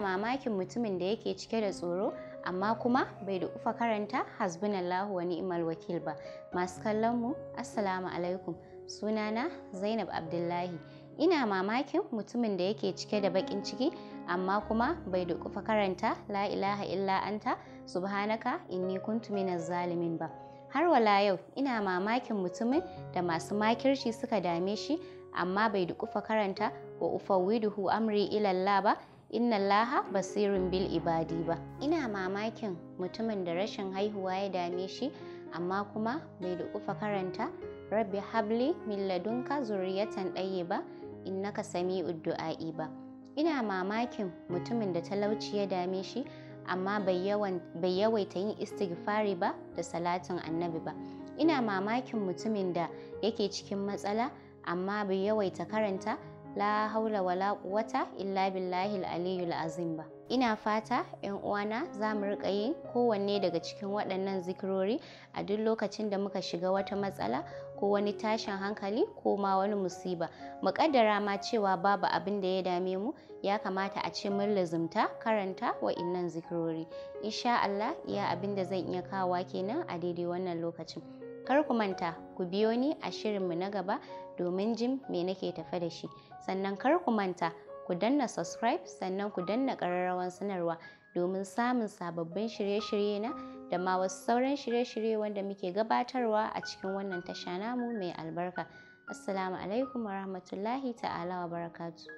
mamakin mutumin da yake cike da tsoro amma kuma bai da ufa karanta hasbunallahu wa ni'mal wakil ba masu kallon mu assalamu alaikum sunana zainab abdullahi ina mamakin mutumin da yake cike da bakin ciki amma kuma bai da ufa karanta la ilaha illa anta subhanaka inni kuntu minaz zalimin ba har wala yau ina mamakin mutumin da masu makirci suka dame shi amma bai da dukufa karanta wa ufawiduhu amri ilallah ba inna laha basirin bil ibadi ba ina mamakin mutumin da rashin haihuwa ya dame shi amma kuma bai da kufa karanta rabbi habli min ladunka zuriyatan ɗaye ba innaka sami uddu'a'i ba ina mamakin mutumin da talauci ya dame shi amma bai yawaita yin istighfari ba da salatin annabi ba ina mamakin mutumin da yake cikin matsala amma bai yawaita karanta la haula wala quwwata illa billahil aliyul azim ba ina fata yan uwana za mu riƙa yin kowanne daga cikin waɗannan zikirori a duk lokacin da muka shiga wata matsala ko wani tashin hankali ko ma wani musiba mu ƙaddara ma cewa babu abin da ya dame mu ya kamata a ce mun lazumta karanta wa innan zikirori insha Allah iya abin da zan iya kawa kenan a daidai wannan lokacin kar ku manta ku biyo ni a shirinmu na gaba domin jin me nake tafe da shi sannan kar ku manta ku danna subscribe sannan ku danna ƙararrawan sanarwa domin samun sababbin shirye-shirye na da ma wasu sauran shirye-shirye wanda muke gabatarwa a cikin wannan tasha namu mai albarka assalamu alaikum warahmatullahi ta'ala wa barakatu